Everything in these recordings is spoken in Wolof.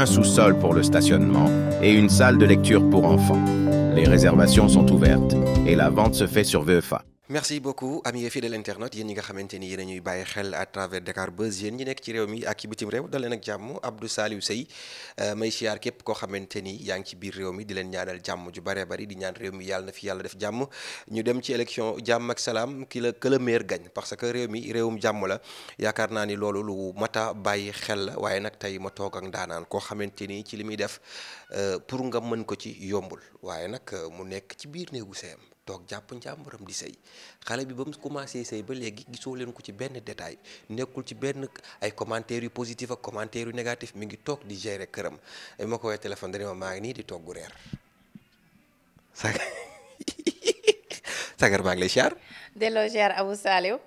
un sous-sol pour le stationnement et une salle de lecture pour enfants. Les réservations sont ouvertes et la vente se fait sur VEFA. merci am amis fidèles internautes yéen ñi nga xamante ni yéen ñuy bàyyi xel à travers Dakar Buzz yéen ñi nekk ci réew mi ak ci bitim réew dal leen ak jàmm Abdou Saliou Seye euh, may siyaar képp koo xamante ni yaa ngi ci biir réew mi di leen ñaanal jàmm ju bare bari di ñaan réew mi yàlla na fi yàlla def jàmm ñu dem ci élection jàmm ak salaam ki la que le parce que réew mi réewum jàmm la yaakaar naa ni loolu lu mata bàyyi xel la waaye nag tey ma toog ak daanaan koo xamante ni ci li muy def euh, pour nga mën ko ci yombul waaye nag euh, mu nekk ci biir néegu seem toog jàpp njàmbaram di sëy xale bi ba mu commencé sëy ba léegi gisoo leen ko ci benn détail nekkul ci benn ay commentaires yu positif ak commentaires yu négatif mi ngi toog di gérer këram ay ma ko woowee téléphone dana maa ngi nii di toggu reer sagar maa ngi lay siyaar delloo siyaar Abou Saliou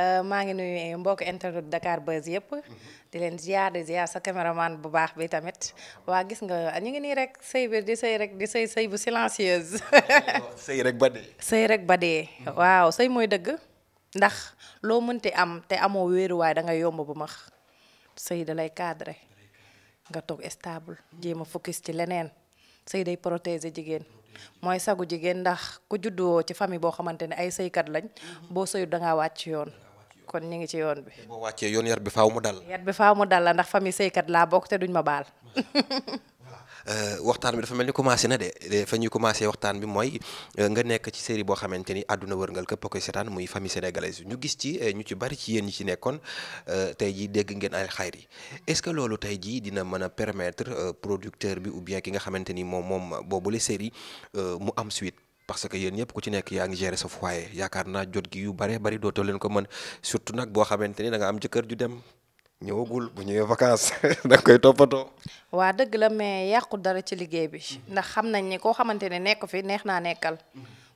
euh, maa ngi nuyu mbokk internet Dakar Buzz yëpp mhm. di leen ziar di ziar sa caméraman bu baax bi tamit waa gis nga ñu ngi nii rek sëy bi di sëy rek di sëy sëy bu silencieuse. sëy rek ba dee. rek ba dee. waaw sëy mooy dëgg ndax loo mënti am te amoo wéeru da dangay yomb bu max sëy da lay cadré nga toog stable jéem a focus ci leneen sëy day protéger jigéen. mooy sagu jigéen ndax ku juddoo ci famille boo xamante ne ay sëykat lañ boo sëyut da ngaa wàcc yoon. kon ñu ngi ci yoon bi. boo wàccee yoon yar bi faw mu dal. yar bi faaw mu dal la ndax famille sëykat laa bokk te duñ ma baal. Euh, waxtaan bi dafa mel ni commencé na de fa ñuy commencé waxtaan bi mooy euh, nga nekk ci série boo xamante ni àdduna wërngal këpp a koy seetaan muy famille sénégalaise ñu gis ci euh, ñu ci bari ci yéen ñi ci nekkoon tey jii dégg ngeen ay xayr yi est-ce que loolu tey jii dina mën a permettre producteur bi ou bien ki nga xamante ni moom moom boobu boobule série mu am suite. parce que yéen ñëpp ku ci nekk yaa ngi gérer sa yaakaar naa jot gi yu bare bari dootoo leen ko mën surtout nag boo xamante ni da nga am jëkkër ju dem ñëwagul bu ñëwee vacances da koy toppatoo. waa dëgg la mais yàqu dara ci liggéey bi ndax xam nañ ni koo xamante ne nekk fi neex naa nekkal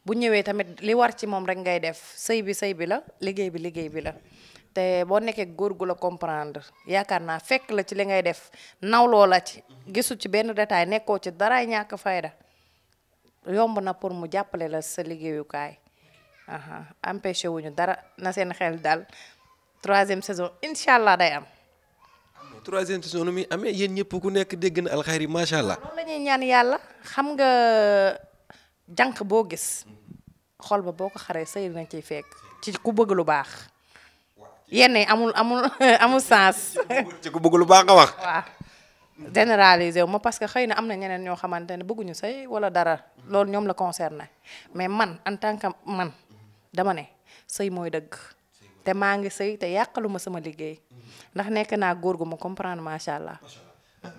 bu ñëwee tamit li war ci moom rek ngay def sëy bi sëy bi la liggéey bi liggéey bi la te boo nekkee góor gu la comprendre yaakaar naa fekk la ci li ngay def nawloo la ci gisu ci benn détail nekkoo ci daraay ñàkk fayda yomb na pour mu jàppale la sa liggéeyukaay empêché wuñu dara na seen xel daal troisième saison incha allah day am. troisième saison nu muy amee yéen ñëpp ku nekk dégg na alxayri macha allah. loolu la ñaan yàlla xam nga jànq boo gis xol ba boo ko xaree sëy na ciy fekk ci ku bëgg lu baax. yenn amul amul amul sens. ci ku bëgg lu baax nga wax. généraliser wu ma parce que xëy na am na ñeneen ñoo xamante ne bëgguñu sëy wala dara loolu ñoom la na mais man en tant que man dama ne sëy mooy dëgg te maa ngi sëy te yàqalu ma sama liggéey ndax nekk naa góor gu ma comprendre macha allah.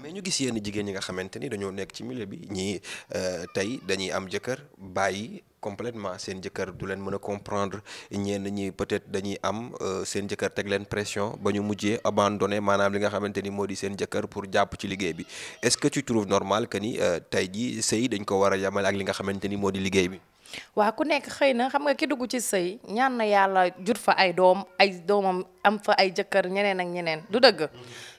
mais ñu gis yenn jigéen ñi nga xamante ni dañoo nekk ci milieu bi ñii euh, tey dañuy am jëkkër bàyyi. complètement seen jëkkër du leen mën a comprendre ñenn ñi peut-être dañuy am euh, seen jëkkër teg leen pression ba ñu mujjee abandonné maanaam li nga xamante ni moo di seen jëkkër pour jàpp ci liggéey bi est-ce que tu trouves normal que ni euh, tey jii sëy dañ ko war a yamal ak li nga xamante ni moo di liggéey bi. waaw ku nekk xëy na xam nga ki dugg ci sëy ñaan na yàlla jur fa ay doom ay doomam am fa ay jëkkër ñeneen ak ñeneen du dëgg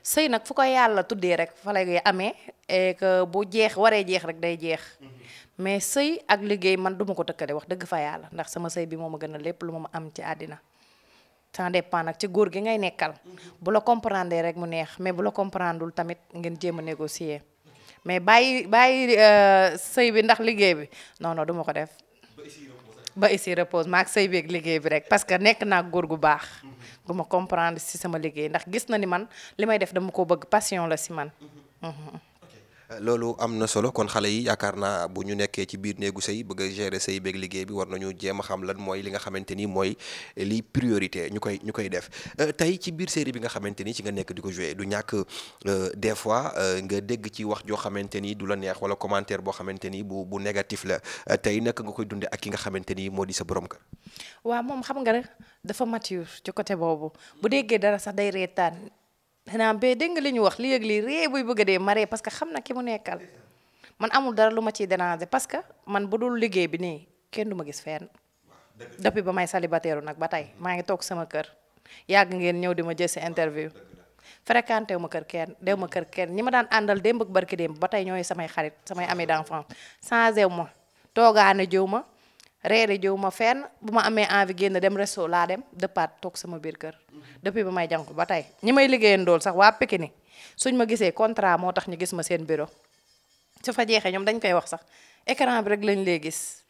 sëy nag fu ko yàlla tuddee rek fa lay amee et que bu jeex waree jeex rek day jeex mais sëy ak liggéey man duma ko tëkkale wax dëgg fa yàlla ndax sama sëy bi moo ma gën a lépp lu ma am ci àddina ça dépend nag ci góor gi ngay nekkal mhm. bu la comprendre rek mu neex mais bu la comprendreul tamit ngeen jéem a négocier mais bàyyi bàyyi euh, sëy bi ndax liggéey bi non non duma ko def ba ici repose maak sëy bi ak liggéey bi rek parce que nekk naa góor gu baax gu mhm. ma comprendre si sama liggéey ndax gis na ni man li may def dama ko bëgg passion la si man mhm. loolu am na solo kon xale yi yaakaar naa bu ñu nekkee ci biir néegu sëy bëgg a gérer sëy beeg liggéey bi war nañu jéem a xam lan mooy li nga xamante ni mooy li priorité ñu koy ñu koy def euh, tey ci biir série bi nga xamante ni ci nga nekk di ko jouer du ñàkk euh, des fois euh, nga dégg ci wax joo xamante ni du la neex wala commentaire boo xamante ni bu bu négatif la tey naka nga koy dundee ak ki nga xamante ni moo di sa borom kër. waaw moom xam nga rek boobu bu déggee dara sax day reetaan. xanaa ba dégg nga li ñu wax li yëg lii ree buy bëgg a dee maree parce que xam na ki mu nekkal man amul dara lu ma ciy déranger parce que man bu dul liggéey bi nii kenn du ma gis fenn depuis ba may célibataire nag ba tey maa ngi toog sama kër yàgg ngeen ñëw di ma jël si interview fréquenté wu ma kër kenn de ma kër kenn ñi ma daan àndal démb ak barki démb ba tey ñooyu samay xarit samay ami d'enfance changé wu ma toogaane jëw ma reere jëw ma fenn bu ma amee envie génn dem resto laa dem dëppaat toog sama biir kër depuis ba may jànku ba tey ñi may liggéeyan dool sax waa Pikine suñ ma gisee contrat moo tax ñu gis ma seen bureau su fa jeexee ñoom dañ koy wax sax écran bi rek lañ lay gis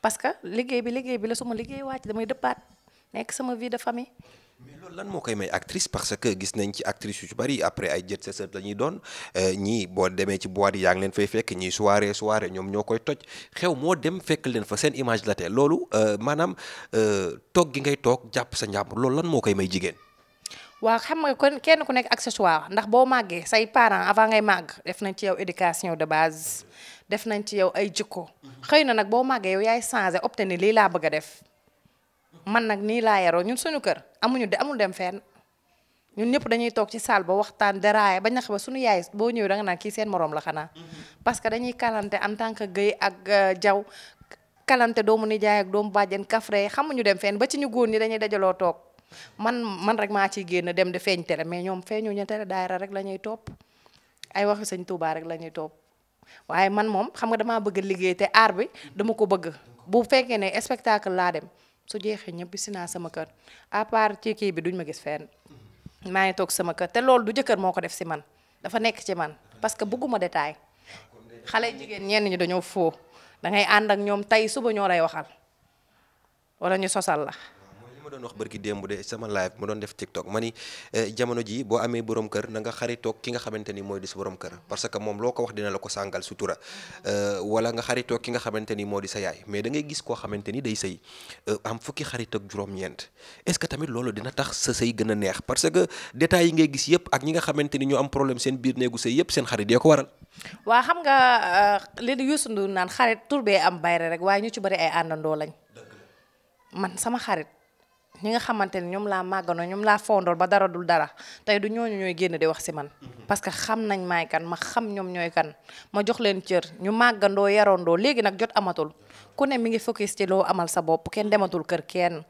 parce que liggéey bi liggéey bi la suma ma liggéey wàcc damay dëppaat nekk sama vie de famille loolu lan moo koy may actrice parce que gis nañ ci actrice yu ci bari après ay jet set la ñuy doon euh, ñii boo demee ci boîte yi yaa ngi leen fay fekk ñii soirée soirée ñoom ñoo koy toj xew moo dem fekk leen fa seen image la tee loolu euh, maanaam euh, toog gi ngay toog jàpp sa njàmbur loolu lan moo koy may jigéen. waaw xam nga kon kenn ku nekk accessoire ndax boo màggee say parent avant ngay màgg def nañ ci yow éducation de base def nañ ci yow ay jikko mm-hmm. xëy na nag boo màggee yaay changé opté lii laa bëgg a def. man nag nii laa yaroo ñun suñu kër amuñu de amul dem fenn ñun ñëpp dañuy toog ci saal ba waxtaan déraaye ba na xam suñu yaay boo ñëwee danga naan kii seen moroom la xanaa. Mm-hmm. parce que dañuy kalante en tant que Guèye ak euh, Jaw kalante doomu nijaay ak doomu bàjjen kafre xamuñu dem fenn ba ci ñu góor ñi dañuy dajaloo toog man man rek maa ciy génna dem di feeñ tele mais ñoom feeñu ñu tele daayira rek la ñuy topp ay waxi sëñ Tuubaa rek la ñuy topp. waaye man moom xam nga damaa bëgg liggéey te aar bi dama ko bëgg bu fekkee ne spectacle laa dem su jeexee ñëpp si naa sama kër à part ci kii bi duñ ma gis fenn maa ngi toog sama kër te loolu du jëkkër moo ko def si man dafa nekk ci man parce que bëgguma détail xale jigéen ñenn ñi dañoo foo da ngay ànd ak ñoom tey suba ñoo lay waxal wala ñu sosal la. ma doon wax barki démb de sama live ma doon def eh, boo amee borom kër na nga xaritoog ki nga xamante ni mooy di sa borom kër parce que moom loo ko wax dina la ko sàngal eh, wala nga xaritoog ki nga xamante ni moo di sa yaay mais da ngay gis koo xamante ni day sëy eh, am fukki xarit juróom-ñeent est-ce que tamit loolu dina tax sa sëy gën a neex parce que détails yi ngay gis yëpp ak ñi nga xamante ni ñoo am problème seen biir néegu sëy yëpp seen xarit dee ko waral waa xam nga li Youssou Ndour naan xarit tur bee am bayre rek waaye ñu ci bari ay àndandoo lañ man sama xarit ñi nga xamante ne ñoom laa màggandoo ñoom laa fondool ba dara dul dara tey du ñooñu ñooy génn di wax si man. Mhm. parce que xam nañ maay kan ma xam ñoom ñooy kan ma jox leen cër ñu màggandoo yarandoo léegi nag jot amatul ku ne mi ngi focus ci loo amal sa bopp kenn dematul kër kenn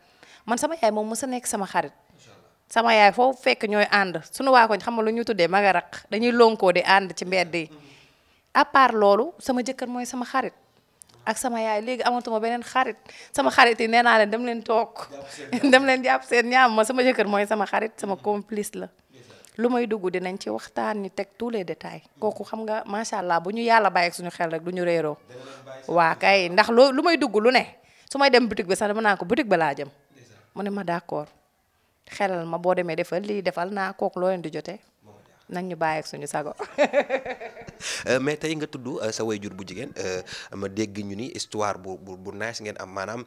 man sama yaay moom mës a nekk sama xarit. sama yaay foofu fekk ñooy ànd suñu waa koñ xam nga lu ñu tuddee magaraq dañuy lonkoo di ànd ci mbedd yi mhm. à loolu sama jëkkër mooy sama xarit. ak sama yaay léegi amatuma beneen xarit sama xarit yi nee naa leen dem leen toog dem leen jàpp seen ñaam ma sama jëkkër mooy sama xarit sama complice la lu may dugg dinañ ci waxtaan ni teg tous les détails kooku xam nga macha allah bu ñu yàlla bàyyi ak suñu xel rek du ñu réeroo waa kay ndax loo lu may dugg lu ne su may dem boutique bi sax dama naa ko boutique ba laa jëm mu ne ma d'accord xelal ma boo demee defal lii defal naa kooku loo leen di jotee nañ ñu bàyyi ak suñu sago. Euh, mais tey nga tudd euh, sa waajur bu jigéen euh, ma dégg ñu ni histoire bu bu bu nice ngeen am maanaam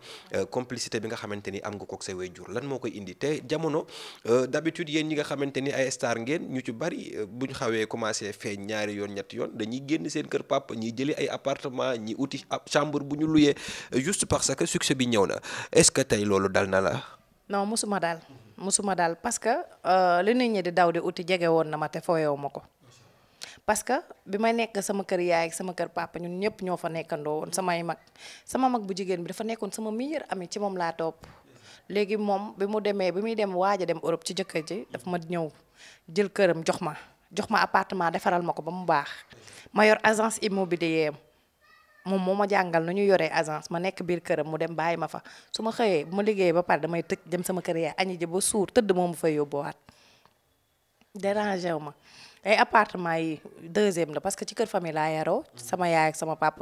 complicité bi nga xamante ni am nga kook sa waajur lan moo koy indi te jamono d'habitude yéen ñi nga xamante ni ay star ngeen ñu ci bari bu ñu xawee commencé feeñ ñaari yoon ñetti yoon dañuy génn seen kër papa ñiy jëli ay appartement ñi uti chambre bu ñu luyee juste parce que succès bi ñëw na est-ce que tey loolu dal na la. non mosuma daal. musuma daal parce que euh, li nit ñi di daw di uti jege woon na ma te fooyewu ma ko parce que bi may nekk sama kër yaay ak sama kër papa ñun ñëpp ñoo fa nekkandoo woon samay mag sama mag bu jigéen bi dafa nekkoon sama meilleur ami ci moom laa topp léegi moom bi mu demee bi muy dem waaj a dem Europe ci jëkkër ji dafa ma ñëw jël këram jox ma jox ma appartement defaral ma ko ba mu baax ma yor agence immobilière moom moo ma jàngal nu ñu yoree agence ma nekk biir këram mu dem bàyyi ma fa su ma xëyee bu ma liggéeyee ba pare damay tëj dem sama kër yaay añi ji ba suur tëdd moom mu fay yóbbuwaat dérangé wu ma ay appartement yi deuxième la parce que ci kër famille laa yaroo sama yaay ak sama papa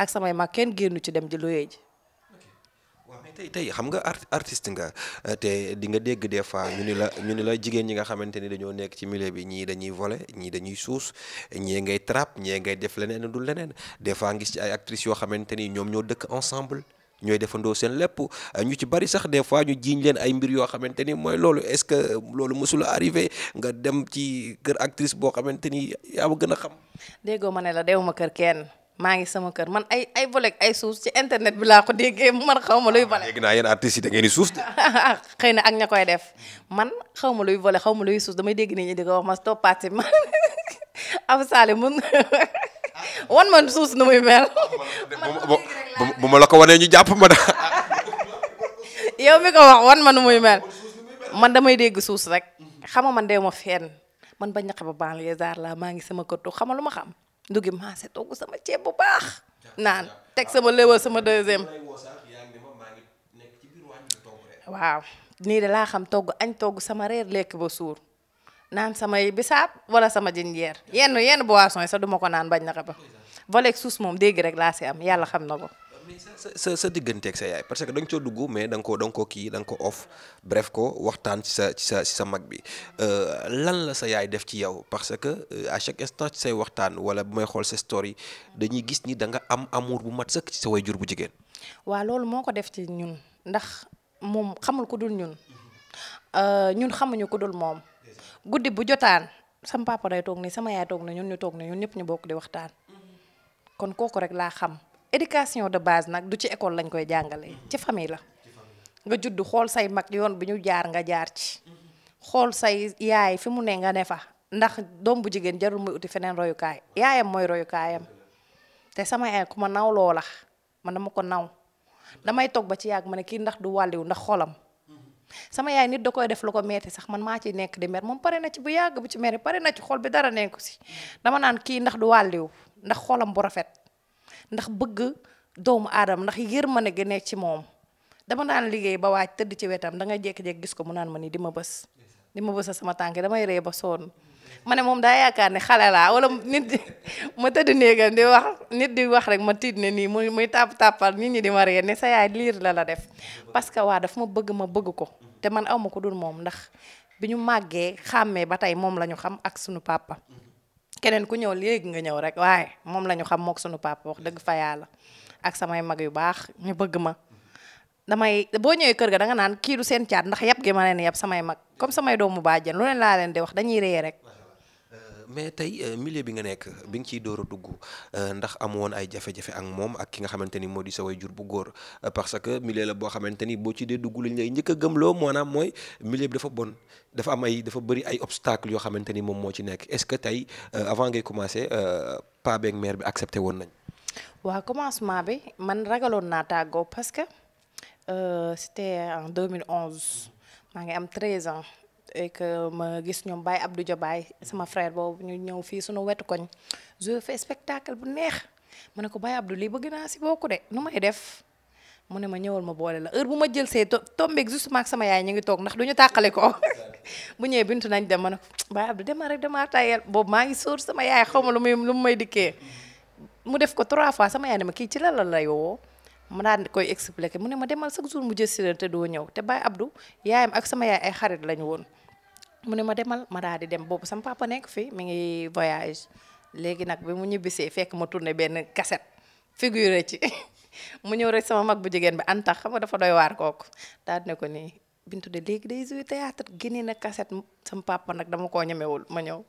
ak samay mag kenn génnu ci dem ji luyee ji waaw tey tey xam nga art artiste nga euh, te di nga dégg des fois ñu ni la ñu ni la jigéen ñi nga xamante ni dañoo nekk ci mille bi ñii dañuy volé ñii dañuy suus ñee ngay trap ñee ngay def leneen du leneen des fois ngis ci ay actrices yoo xamante ni ñoom ñoo dëkk ensemble ñooy defandoo seen lépp euh, ñu ci bari sax des fois ñu jiiñ leen ay mbir yoo xamante ni mooy loolu est-ce que loolu mësula arrivé nga dem ci kër actrice boo xamante ni yaa ma gën a xam. déggoo ma ne la dew kër kenn. maa ngi sama kër man ay ay volet ay suuf ci internet bi laa ko déggee man xaw ma luy volet. dégg naa yéen artistes yi da ngeen di suuf. xëy na ak ña koy def man xaw ma luy volet ma luy suuf damay dégg nit ñi di ko wax ma toppaat si man ab saali mun wan man suuf nu muy mel. bu ma la ko wanee ñu jàpp ma da yow mi ko wax wan ma nu muy mel man damay dégg suus rek xama man dee moo fenn man bañ na xam jar la maa ngi sama kër toog xama lu ma xam. nduggi maase togg sama ceeb bu baax naan teg sama léwal sama deuxième waaw nii de laa xam togg añ togg sama reer lekk ba suur naan samay bisaab wala sama jinjeer yenn yenn boisson yi sax duma ko naan bañ na ko ba voleeg suus moom dégg rek laa si am yàlla xam na ko sa sa digganteeg sa yaay parce que da nga coo dugg mais da nga ko da nga ko kii da ko off bref ko waxtaan ci sa ci sa sa mag bi euh, lan la sa yaay def ci yow parce que euh, à chaque instant ci say waxtaan wala bu may xool sa story dañuy gis ni da nga am amour bu mat sëkk ci sa jur bu jigéen. waaw loolu moo ko def ci ñun ndax moom xamul ku dul ñun euh, ñun xamuñu ku dul moom guddi bu jotaan sama papa day toog nii sama yaay toog na ñun ñu toog na ñun ñëpp ñu bokk di waxtaan éducation de base nag du ci école lañ koy jàngalee ci famille la nga judd xool say mag yoon bi ñu jaar nga jaar ci xool say yaay fi mu ne nga ne fa ndax doom bu jigéen jarul muy uti feneen royukaay yaayam mooy royukaayam te sama yaay ku ma naw loola man dama ko naw damay toog ba ci yàgg ma ne kii ndax du wàlliw ndax xolam sama yaay nit da koy def lu ko metti sax man maa ci nekk di mer moom pare na ci bu yàgg bu ci mer pare na ci xol bi dara nekku si dama naan kii ndax du wàlliw ndax xolam bu rafet ndax bëgg doomu aadama ndax yërmande gi nekk ci moom dama daan liggéey ba waa tëdd ci wetam da nga jékki-jékki gis ko mu naan ma nii di ma bës di ma bësa sama tànk damay ree ba sonn ma ne moom daa yaakaar ne xale laa wala nit ma tëdd néegam di wax nit di wax rek ma tiit ne nii muy muy tàpp tàppal nit ñi di ma ree ne sa yaay liir la la def parce que waa dafa ma bëgg ma bëgg ko te man aw ma ko dul moom ndax bi ñu màggee xàmmee ba tey moom la ñu xam ak sunu papa keneen ku ñëw léegi nga ñëw rek waaye moom la ñu xam mook sunu papa wax dëgg fa yàlla ak samay mag yu baax ñu bëgg ma damay boo ñëwee kër ga da nga naan kii du seen caat ndax yab gi ma leen yab samay mag comme samay doomu bàjjen lu leen laa leen di wax dañuy ree rek mais tey euh, milieu bi nga nekk bi nga ci door a dugg euh, ndax am woon ay jafe-jafe ak moom ak ki nga xamante ni moo di sa jur bu góor euh, parce que milieu la boo xamante ni boo ci dee dugg lañ lay njëkk a gëmloo maanaam mooy milieu bi dafa bon dafa am ay dafa bëri ay obstacle yoo xamante ni moom moo ci nekk est-ce que tey avant ngay commencer paa beeg mère bi accepté woon nañ. waa commencement bi man ragaloon naa tàggoo parce que c'était en 2011 maa ngi am 13 ans. et ma gis ñoom Baye Abdou Diobaye sama frère boobu ñu ñëw fii suñu wetu koñ joué fa spectacle bu neex ma ne ko Baye Abdou lii bëgg naa si bokku de nu may def mu ne ma ñëwal ma boole la heure bu ma jël see tombeeg justement ak sama yaay ñu ngi toog ndax du ñu tàqale ko mu ñëwee bintu nañ dem ma ne ko Baye Abdou dema rek dama boobu maa ngi sóor sama yaay xaw ma lu muy lu mu may dikkee mu def ko trois fois sama yaay ne ma kii ci la la lay woo ma daan koy expliquer mu ne ma demal chaque jour mu jël si te doo ñëw te Baye Abdou yaayam ak sama yaay ay xarit lañu woon mu ne ma demal ma daal di dem boobu sama papa nekk fii mu ngi voyage léegi nag bi mu ñibbisee fekk ma tourné benn cassette figuré ci mu ñëw rek sama mag bu jigéen bi antax xam nga dafa doy waar kooku daal ne ko nii Bintu de léegi day joué théâtre génne nag kaset sama papa nag dama koo ñemewul ma ñëw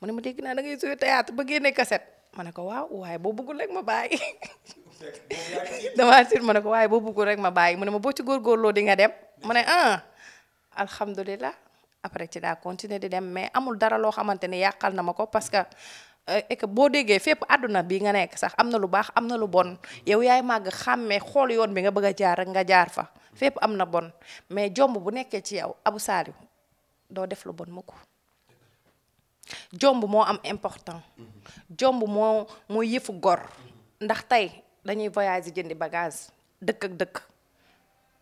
mu ne ma dégg naa da ngay joué théâtre ba génne cassette ma ne ko waaw waaye boo bëggul rek ma bàyyi damaa tiit ma ne ko waaye boo bëggul rek ma bàyyi mu ne ma boo ci góorgóorloo di nga dem ma ne ah alhamdulilah après ci daa continuer di dem mais amul dara loo xamante ni yàqal na ma ko parce que euh, et boo déggee fépp àdduna bi nga nekk sax am na lu baax am na lu bon yow yaay màgg xàmmee xool yoon bi nga bëgg a jaar rek nga jaar fa fépp am na bon mais jomb bu nekkee ci yow abu Saliou doo def lu bon ko jomb moo am important jomb moo mooy yëfu gor ndax tey dañuy voyage yi jëndi bagage dëkk ak dëkk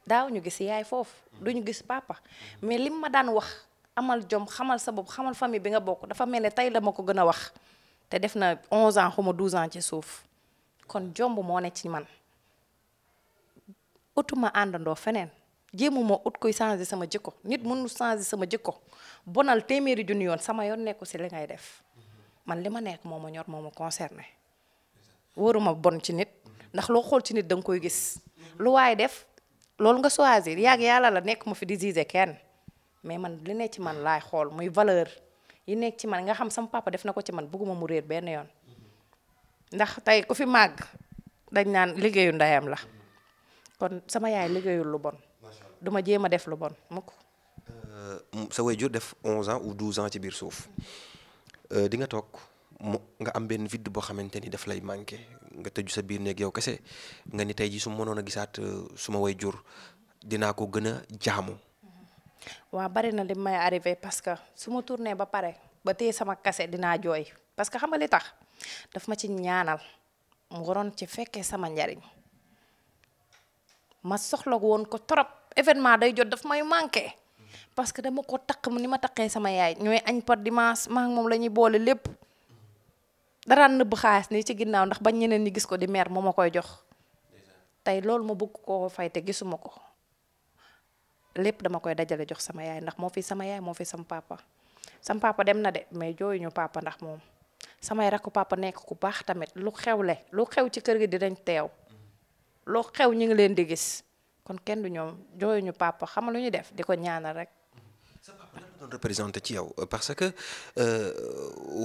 daaw ñu gis yaay foofu duñu gis papa mais lim ma daan wax amal jom xamal sa bopp xamal famille bi nga bokk dafa mel ne tey la ma ko gën a wax te def na 11 ans xuma 12 ans ci suuf kon jomb moo ne ci man utuma àndandoo feneen ma ut koy changer sama jikko nit mënul changer sama jikko bonal téeméeri junni yoon sama yoon nekku si li ngay def man li ma nekk moo ma ñor moo ma concerné wóoruma bon ci nit ndax loo xool ci koy gis lu waaye def loolu nga choisir yàgg yàlla la nekk ma fi di juger kenn mais man li nekk ci man laay xool muy valeur yi nekk ci man nga xam sama papa def na ko ci man bugguma mu réer benn yoon ndax tey ku fi màgg dañ naan liggéeyu ndeyam la kon sama yaay liggéeyul lu bon du ma jéem a def lu bon mukk euh, sa way waajur def 11 ans ou 12 ans ci biir suuf euh, di nga toog mu nga am benn vide boo xamante ni daf lay manqué nga tëju sa biir néeg yow kese nga ni tey ji su mënoon a gisaat euh, suma waajur dinaa ko gën a jaamu. waaw bari na li may arrivé parce que su ma tourné ba pare ba téye sama kase dinaa jooy parce que xam nga tax daf ma ci ñaanal mu waroon ci fekkee sama njariñ ma soxla woon ko trop. événement day jot dafa may manqué parce que dama ko takk ni ma taqee sama yaay ñooy añ par dimanche maa moom la ñuy boole lépp daraan nëbb xaalis ni ci ginnaaw ndax bañ ñeneen ñi gis ko di mer moo ma koy jox tey loolu ma bugg koo fay te gisuma ko lépp dama koy dajale jox sama yaay ndax moo fi sama yaay moo fi sama papa sama papa dem na de mais jooyu ñu papa ndax moom samay rakku papa nekk ku baax tamit lu xew xewle lu xew ci kër gi di dinañ teew lu xew ñu ngi leen di gis kon kenn du ñoom jooyuñu papa xam lu ñu def di ko ñaanal rek. sa papa lan ci yow parce que euh,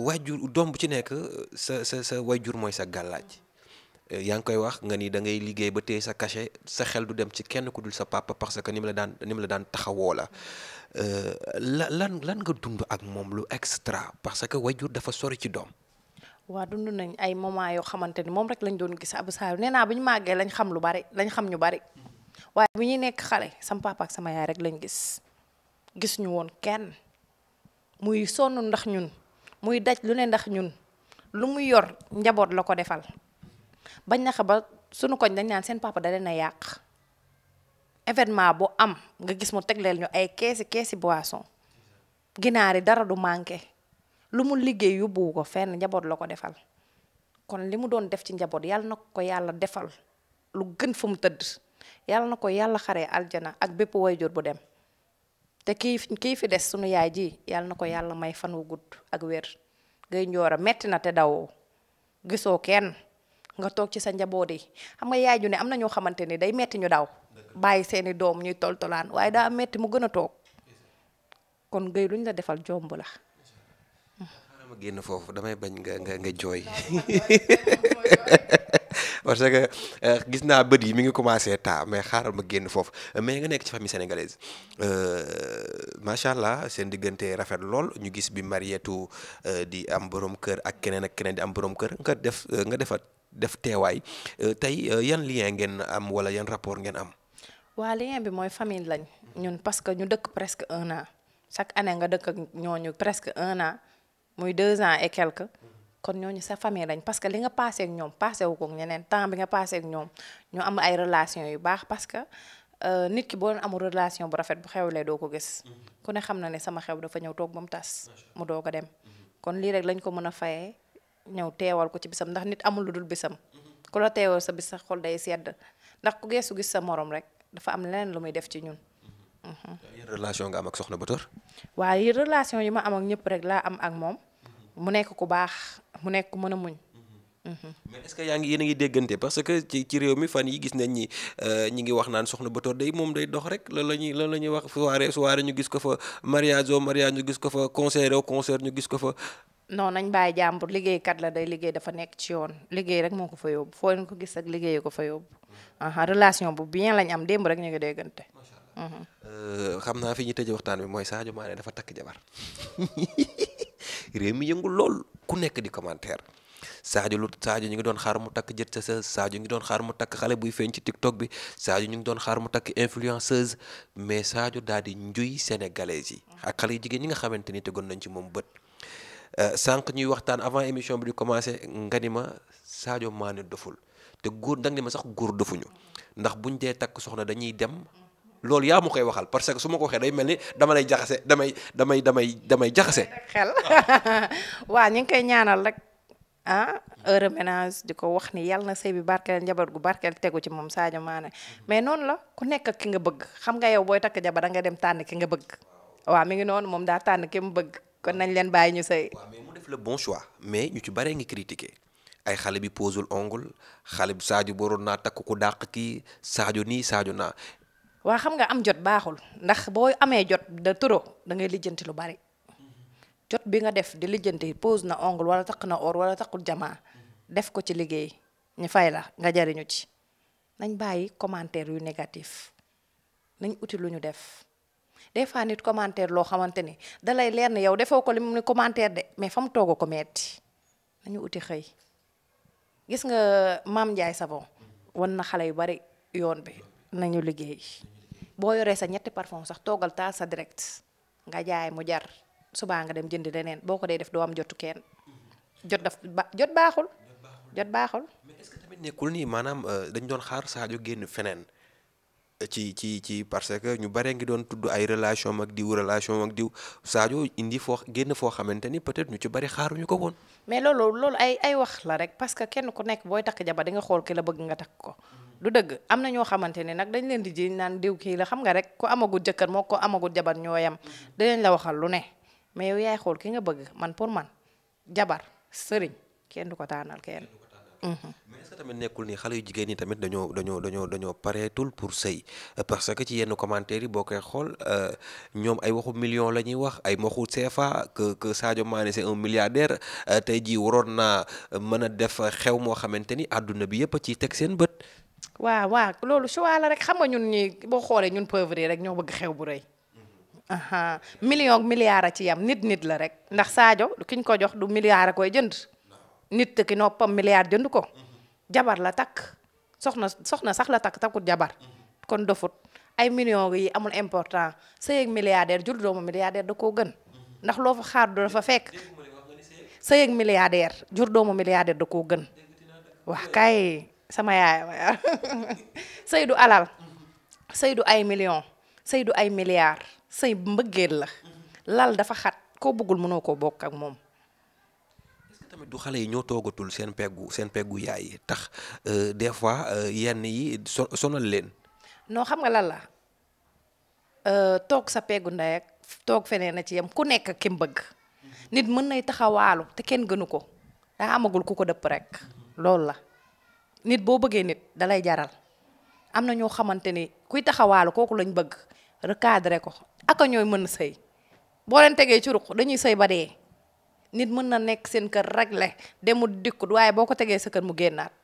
waajur doom bu ci nekk sa sa sa waajur mooy sa gàllaaj euh, yaa ngi koy wax nga nii da ngay liggéey ba tey sa cachet sa xel du dem ci kenn ku dul sa papa parce que ni la daan ni la daan taxawoo la euh, la lan lan nga dund ak moom lu extra parce que waajur dafa sori ci doom. waa dund nañ ay moment yoo moom rek lañ doon gis Abou Saloum nee naa bu lañ xam lu bari lañ xam ñu bari. waaye bu ñuy nekk xale sama papa sama yaay rek lañ gis gis ñu woon kenn muy sonn ndax ñun muy daj lu ne ndax ñun lu mu yor njaboot la ko defal bañ na ba sunu koñ dañ naan seen papa da leen yàq événement bu am nga gis mu tegleel ñu ay keesi keesi boisson ginaar yi dara du manqué lu mu liggéey yóbbuwu ko fenn njaboot la ko defal kon li mu doon def ci njaboot yàlla na ko yàlla defal lu gën fu mu tëdd yàlla na ko yàlla xare aljana ak bépp wayjur bu dem te kii kii fi des sunu yaay ji yàlla na ko yàlla may fan wu gudd ak wér ngay njoora metti na te dawoo gisoo kenn nga toog ci sa njaboot yi xam nga yaay ju ne am na ñoo xamante ni day metti ñu daw bàyyi seeni doom ñuy toltolaan waaye daa metti mu gën a toog kon ngay luñ la defal jomb la génn foofu damay bañ nga parce que euh, gis naa bët yi mi ngi commencé taa mais xaaral ma génn foofu mais nga nekk ci famille sénégalaise euh, macha allah seen diggante rafet lool ñu gis bi Marietou euh, di am borom kër ak keneen ak keneen di am borom kër nga def nga defat def teewaay tey yan lien ngeen am wala yan rapport ngeen am. waa lien bi mooy famille lañ. ñun parce que ñu dëkk presque un an chaque année nga dëkk ak ñooñu presque un an muy deux ans et quelques. kon ñooñu sa famille lañ parce que li nga passé ak ñoom passé wu ko ñeneen temps bi nga passé ak ñoom ñu am ay relation yu baax parce que euh, nit ki boo leen amul relation bu rafet bu xewlee doo ko gis mm-hmm. ku ne xam na ne sama xew dafa ñëw toog ba mu tas mu doog a dem mm-hmm. kon lii rek lañ ko mën a faye ñëw teewal ko ci bisam ndax nit amul lu dul bisam mm-hmm. ku la teewal sa bis sa xol day sedd ndax ku geesu gis sa moroom rek dafa am leneen lu muy def ci ñun yéen relation nga am ak Bator waaye relation yi ma am ñëpp rek laa am ak moom mu nekk ku baax mu nekk ku mën a muñ. Mm-hmm. mais est-ce que yaa ngi yéen a ngi déggante parce que ci ci réew mi fan yi gis nañ ñi euh, ñi ngi wax naan soxna Bator day moom day dox rek loolu la ñuy loolu la ñuy wax soirée soirée ñu gis ko fa mariage au mariage ñu gis ko fa concert au concert ñu gis ko fa. non nañ bàyyi jàmbur liggéeykat la day liggéey dafa nekk ci yoon liggéey rek moo ko fa yóbbu foo leen ko gis ak liggéey ko fa yóbbu. Mm-hmm. relation bu bien lañ am démb rek ñu ngi déggante. macha mm-hmm. euh, xam naa fi ñu tëjee waxtaan bi mooy Sadio Mané dafa takk jabar réew mi yëngu lool ku nekk di commentaire Sadio lu Sadio ñu ngi doon xaar mu takk jët sa sa Sadio ngi doon xaar mu takk xale buy feeñ ci TikTok bi Sadio ñu ngi doon xaar mu takk influenceuse mais Sadio daal di njuy sénégalais yi ak xale yu jigéen ñi nga xamante ni tegoon nañ ci moom bët euh, sànq ñuy waxtaan avant émission bi di commencé nga ni ma Sadio Mané doful te góor danga ni ma sax góor dofuñu ndax buñ dee takk soxna dañuy dem loolu yaa ma koy waxal parce que su ma ko waxee day mel ni dama jaxase damay damay damay damay jaxase. xel waa ñu ngi koy ñaanal rek ah heure ménage di ko wax ni yàlla na sëy bi barkeel njaboot gu barkeel tegu ci moom Sadio Mané mais noonu la ku nekk ki nga bëgg xam nga yow booy takk jabar da nga dem tànn ki nga bëgg waa mi ngi noonu moom daa tànn ki mu bëgg kon nañ leen bàyyi ñu sëy. waaw mais mu def le bon choix mais ñu ci bare ngi critiquer. ay xale bi posul ongul xale bu Sadio boroon naa takk ku dàq kii Sadio nii Sadio naa waa xam nga am jot baaxul ndax boo amee jot de trop da ngay lijjanti lu bari jot bi nga def di lijjanti pose na ongle walla takk na or wala takkul jamaa def ko ci liggéey ñu fay la nga jariñu ci nañ bàyyi commentaire yu négatif nañ uti lu ñu def des fois nit commentaire loo xamante ni dalay leer ne yow defoo ko li mu ni commentaire de mais fa mu ko metti nañu uti xëy gis nga maam Ndiaye Savon wan na xale yu bari yoon bi nañu liggéey boo yoree sa ñetti parfum sax toogal taal sa direct nga jaay mu jar subaa nga dem jënd leneen boo ko dee def doo am jotu kenn jot daf jot baaxul. jot baaxul mais est tamit nekkul nii maanaam euh, dañ doon xaar Sadio génn feneen. ci ci ci parce que ñu bare ngi doon tudd ay relation ak diw relation ak diw Sadio indi foo génn foo xamante ni peut-être ñu ci bari xaaruñu ko woon. mais loolu loolu ay ay wax la rek parce que kenn ku nekk booy takk jabar di nga xool ki la bëgg nga takk ko. du dëgg am na ñoo xamante ne nag dañ leen di jiñ naan diw kii la xam nga rek ku amagul jëkkër moo ko amagul jabar ñoo yam dinañ la waxal lu ne mais yow yaay xool ki nga bëgg man pour man jabar sëriñ kenn du ko taanal kenn. mais est-ce que tamit nekkul ni xale yu jigéen ñi tamit dañoo dañoo dañoo dañoo pareetul pour sëy parce que ci yenn commentaires yi boo koy xool euh, ñoom ay waxu million la ñuy wax ay waxu CFA que que Sadio Mané c'est un milliardaire euh, tey jii waroon naa mën a def xew moo xamante ni àdduna bi yëpp ci teg seen bët. waa waa loolu choix la rek xam nga ñun ñi boo xoolee ñun pauvre rek ñoo bëgg xew bu rëy. million milliard ci yam nit nit la rek ndax Sadio ki ko jox du milliard nit ki noppam milliard jënd ko jabar la takk soxna soxna sax la takk takkut jabar kon dofut ay millions yi amul important sëy ak milliardaire jur doomu milliardaire da koo gën ndax loo fa xaar du dafa fekk sëy ak milliardaire jur doomu milliardaire koo gën wax sama yaay du alal sëy du ay million sëy du ay milliards sëy mbëggeel la lal dafa xat ko bëggul mënoo ko bokk ak moom tamit du xale yi ñoo toogatul seen peggu seen peggu yaay yi tax euh, des fois euh, yenn yi sonal leen. noo xam nga lan la euh, toog sa peggu ndey ak toog feneen a ci yam ku nekk ki mu bëgg. nit mën nay taxawaalu te kenn gënu ko daa amagul ku ko dëpp rek. loolu la nit boo bëggee nit dalay jaral am na ñoo xamante ni kuy taxawaalu kooku lañ bëgg recadré ko aka ñooy mën sëy boo leen tegee ci ruq dañuy sëy ba dee. nit mën na nekk seen kër réglé demul dikkut waaye boo ko tegee sa kër mu génnaat.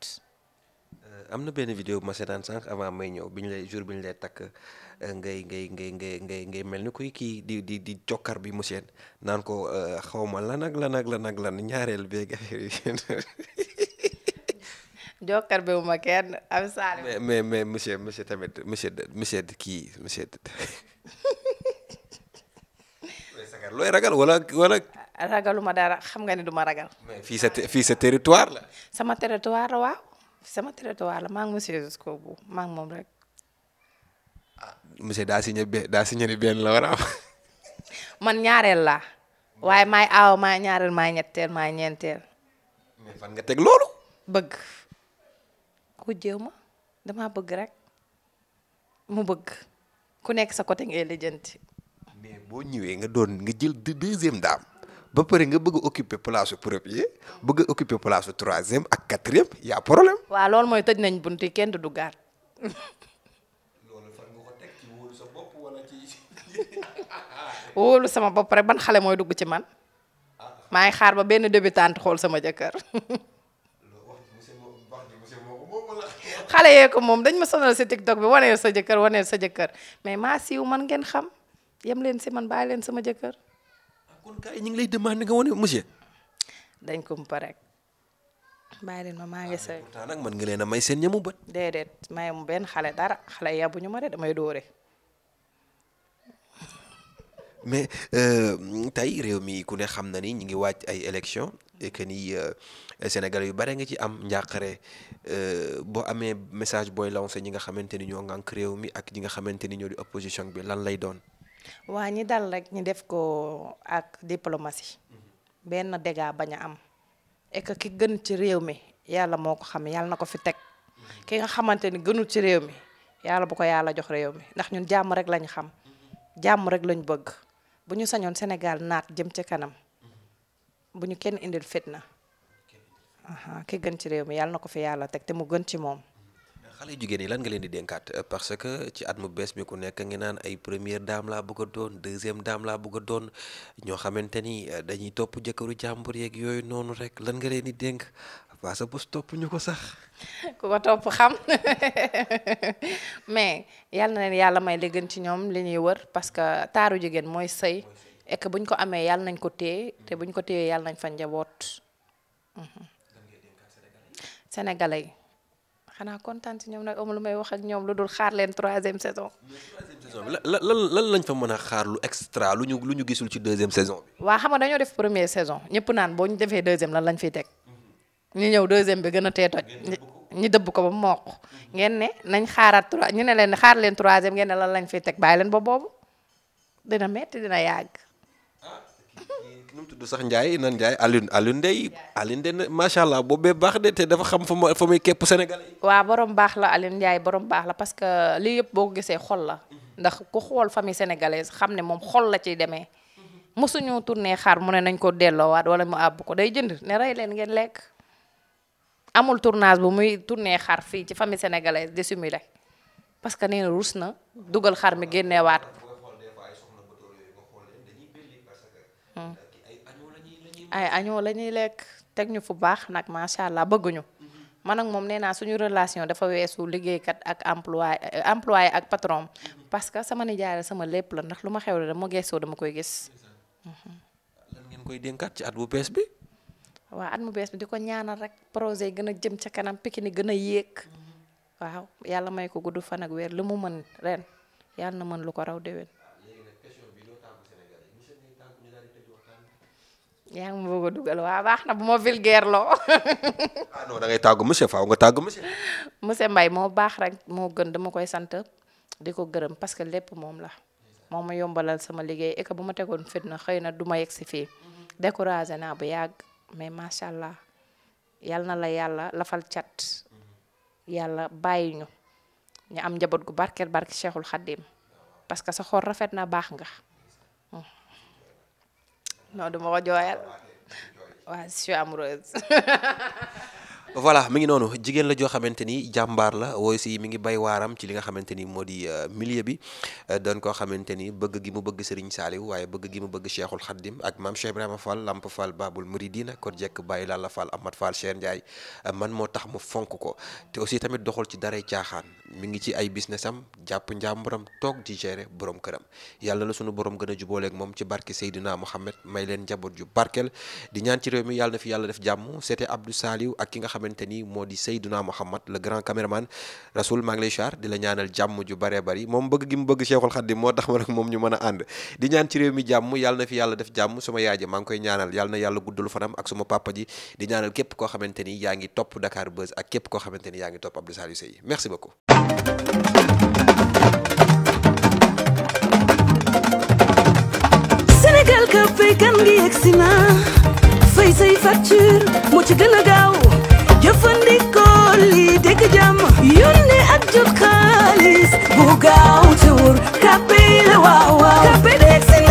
Euh, am na benn vidéo bu ma seetaan avant may ñëw bi ñu lay jour bi ñu lay takk euh, ngay ngay ngay ngay ngay ngay mel ni kuy kii di di di jokkar bi mu seen naan ko euh, xaw ma lan ak lan ak lan ak lan ñaareel beeg affaire yi. jokkar bi ma kenn am saa mais mais mais monsieur monsieur tamit monsieur monsieur kii monsieur. looy ragal wala wala. ragaluma dara xam nga ne duma ma ragal. sa fii sa territoire la. sama territoire la waaw sama territoire la maa ngi monsieur jusqu'au bout maa ngi moom rek. ah monsieur daa signé benn ni benn la war man ñaareel laa waaye maay aaw maay ñaareel maay ñetteel maay ñeenteel. mais fan nga teg loolu. bëgg ku jéew ma damaa bëgg rek mu bëgg ku nekk sa côté ngay lijjanti. mais boo ñëwee nga doon nga jël deuxième daam. ba pare nga bëgg occuper place premier bëgg occuper place troisième ak quatrième y' a problème. waa loolu mooy tëj nañ bunt yi kenn du duggaat. wóolu sama bopp rek ban xale mooy dugg ci man. maa ngi xaar ba benn débutante xool sama jëkkër. xale yee ko moom dañ ma sonal si TikTok bi waneel sa jëkkër waneel sa jëkkër mais maa siiw man ngeen xam yem leen si man bàyyi leen sama jëkkër. kon kaay ñu ngi lay demandé nga wane monsieur. dañ ko mpa rek. bàyyi leen ma maa ngi sëy. Ah, taa nag mën nga leen a may seen ñamu bët. dee déedéet may mu benn xale dara xale yabuñu ma de damay dóore. mais euh, tey réew mi ku ne xam na ni ñu ngi waaj ay élection et que ni euh, Sénégal yu bare nga ci am njàqare euh, boo amee message booy lancé ñi nga xamante ni ñoo ngànk réew mi ak ñi nga xamante ni ñoo di opposition bi lan lay doon. waa ñi dal rek ñi def ko ak diplomatie benn dégât bañ am et ki gën ci réew mi yàlla moo ko xam yàlla na ko fi teg ki nga xamante ni gënul ci réew mi yàlla bu ko yàlla jox réew mi ndax ñun jàmm rek lañ xam jàmm rek lañ bëgg bu ñu sañoon senegal naat jëm ci kanam bu ñu kenn indil fitna ki gën ci réew mi yàlla na ko fi yàlla teg te mu gën ci moom xale yu jigéen yi lan leen di dénkaat euh, parce que ci at mu bees mi ku nekk ngi naan ay première dame laa bëgg doon deuxième dame laa bëgg doon ñoo xamante ni euh, dañuy topp jëkkëru jàmbur yeeg yooyu noonu rekk lan nga leen di dénk waa sa bés ko sax. ku xam mais yal na leen yàlla may li ci ñoom li wër parce que taaru jigéen mooy sëy et buñ ko amee yàlla nañ ko téye te buñ ko téyee yàlla nañ fa njaboot. Mhm. sénégalais yi. xanaa kontaan si ñoom nag lu may wax ak ñoom lu dul xaar leen troisième saison. troisième saison bi lan lan lañ fa mën a xaar lu extra lu ñu lu ñu gisul ci deuxième saison bi. waa xam nga dañoo def première saison ñëpp naan boo ñu defee deuxième lan lañ fiy teg ñu ñëw deuxième bi gën a tee toj. ñu dëbb ko ba mokk ngeen ne nañ xaaraat trois ñu ne leen xaar leen troisième ngeen ne lan lañ fiy teg baay leen ba boobu dina metti dina yàgg. Ah, nu mu tudd sax Ndiaye nan Ndiaye Alioune Alioune Ndeye Alioune Ndeye macha allah boobee baax de te dafa xam fa ma fa muy képp Sénégal waa waaw borom baax la Alioune Ndiaye borom baax la parce que lii yëpp boo gisee xol la ndax ku xool famille sénégalaise xam ne moom xol la ciy demee mu mosuñu tourné xaar mu ne nañ ko delloowaat wala mu àbb ko day jënd ne rey leen ngeen lekk amul tournage bu muy tourné xar fii ci famille sénégalaise dissimulé parce que nee na rus na dugal xar mi génneewaat ay añoo la ñuy lekk teg ñu fu baax nag macha allah bëgguñu mm-hmm. man ak moom nee naa suñu relation dafa weesu liggéeykat ak emploi euh, employé ak patron mm-hmm. parce que sama nijaay sama lépp la ndax lu ma xew la dama geesoo dama koy gis. Mm-hmm. lan koy dénkaat ci at bu bees bi. waaw at mu bees bi di ko ñaanal rek projet gën a jëm ca kanam Pikine gën a yéeg. waaw yàlla may ko gudd fan ak weer lu mu mën ren yàlla na mën lu ko raw déwén. yaa ngi ma bëgg dugal waaw baax na bu ma vulgaire loo. ah non da ngay tàggu monsieur faaw nga tàggu monsieur. monsieur Mbaye moo baax rek moo gën dama koy sant di ko gërëm parce que lépp moom la moo ma yombalal sama liggéey et bu ma tegoon fitna xëy na du ma yegg si fii. découragé naa bu yàgg mais macha allah yal na la yàlla lafal cat yàlla bàyyi ñu ñu am njaboot gu barkeel barke Cheikhul Khadim parce que sa xol rafet na baax nga. non duma ko jooyal ah, waaw je suis voilà mi ngi noonu jigéen la joo xamante ni jàmbaar la wooy si mi ngi bay waaram ci li nga xamante ni moo di euh, milieu bi euh, doon koo xamante ni bëgg gi mu bëgg Serigne Saliou waaye bëgg gi mu bëgg Cheikhul Khadim ak maam Cheikh Ibrahima Fall Lamp Fall Babul Mouridina kon jekk bàyyi Lalla Fall Amat Fall Cheikh Ndiaye euh, man moo tax mu fonk ko te aussi tamit doxul ci daray caaxaan mu ngi ci ay business am jàpp njàmburam toog di gérer borom këram yàlla la sunu borom gën a jubooleeg moom ci barke Seydina Mohamed may leen njaboot ju barkeel di ñaan ci réew mi yàlla fi yàlla def jàmm xamante ni moo di Seydouna Mouhamad le grand caméraman Rasoul maa ngi lay char di la ñaanal jàmm ju bëree bëri moom bëgg gi mu bëgg Cheikhul Khadim moo tax ma nag moom ñu mën a ànd di ñaan ci réew mi jàmm yàlla na fi yàlla def jàmm suma yaay ja maa ngi koy ñaanal yàlla na yàlla guddul fanam ak suma papa di ñaanal képp koo xamante ni yaa ngi topp Dakar Buzz ak képp koo xamante ni yaa ngi topp Abdou Saliou Seye merci beaucoup jëfandikoo lii dégg jàmm yónnee ak jot xaalis bu gaaw te wóor kàppe la waaw waaw kàppe deeg si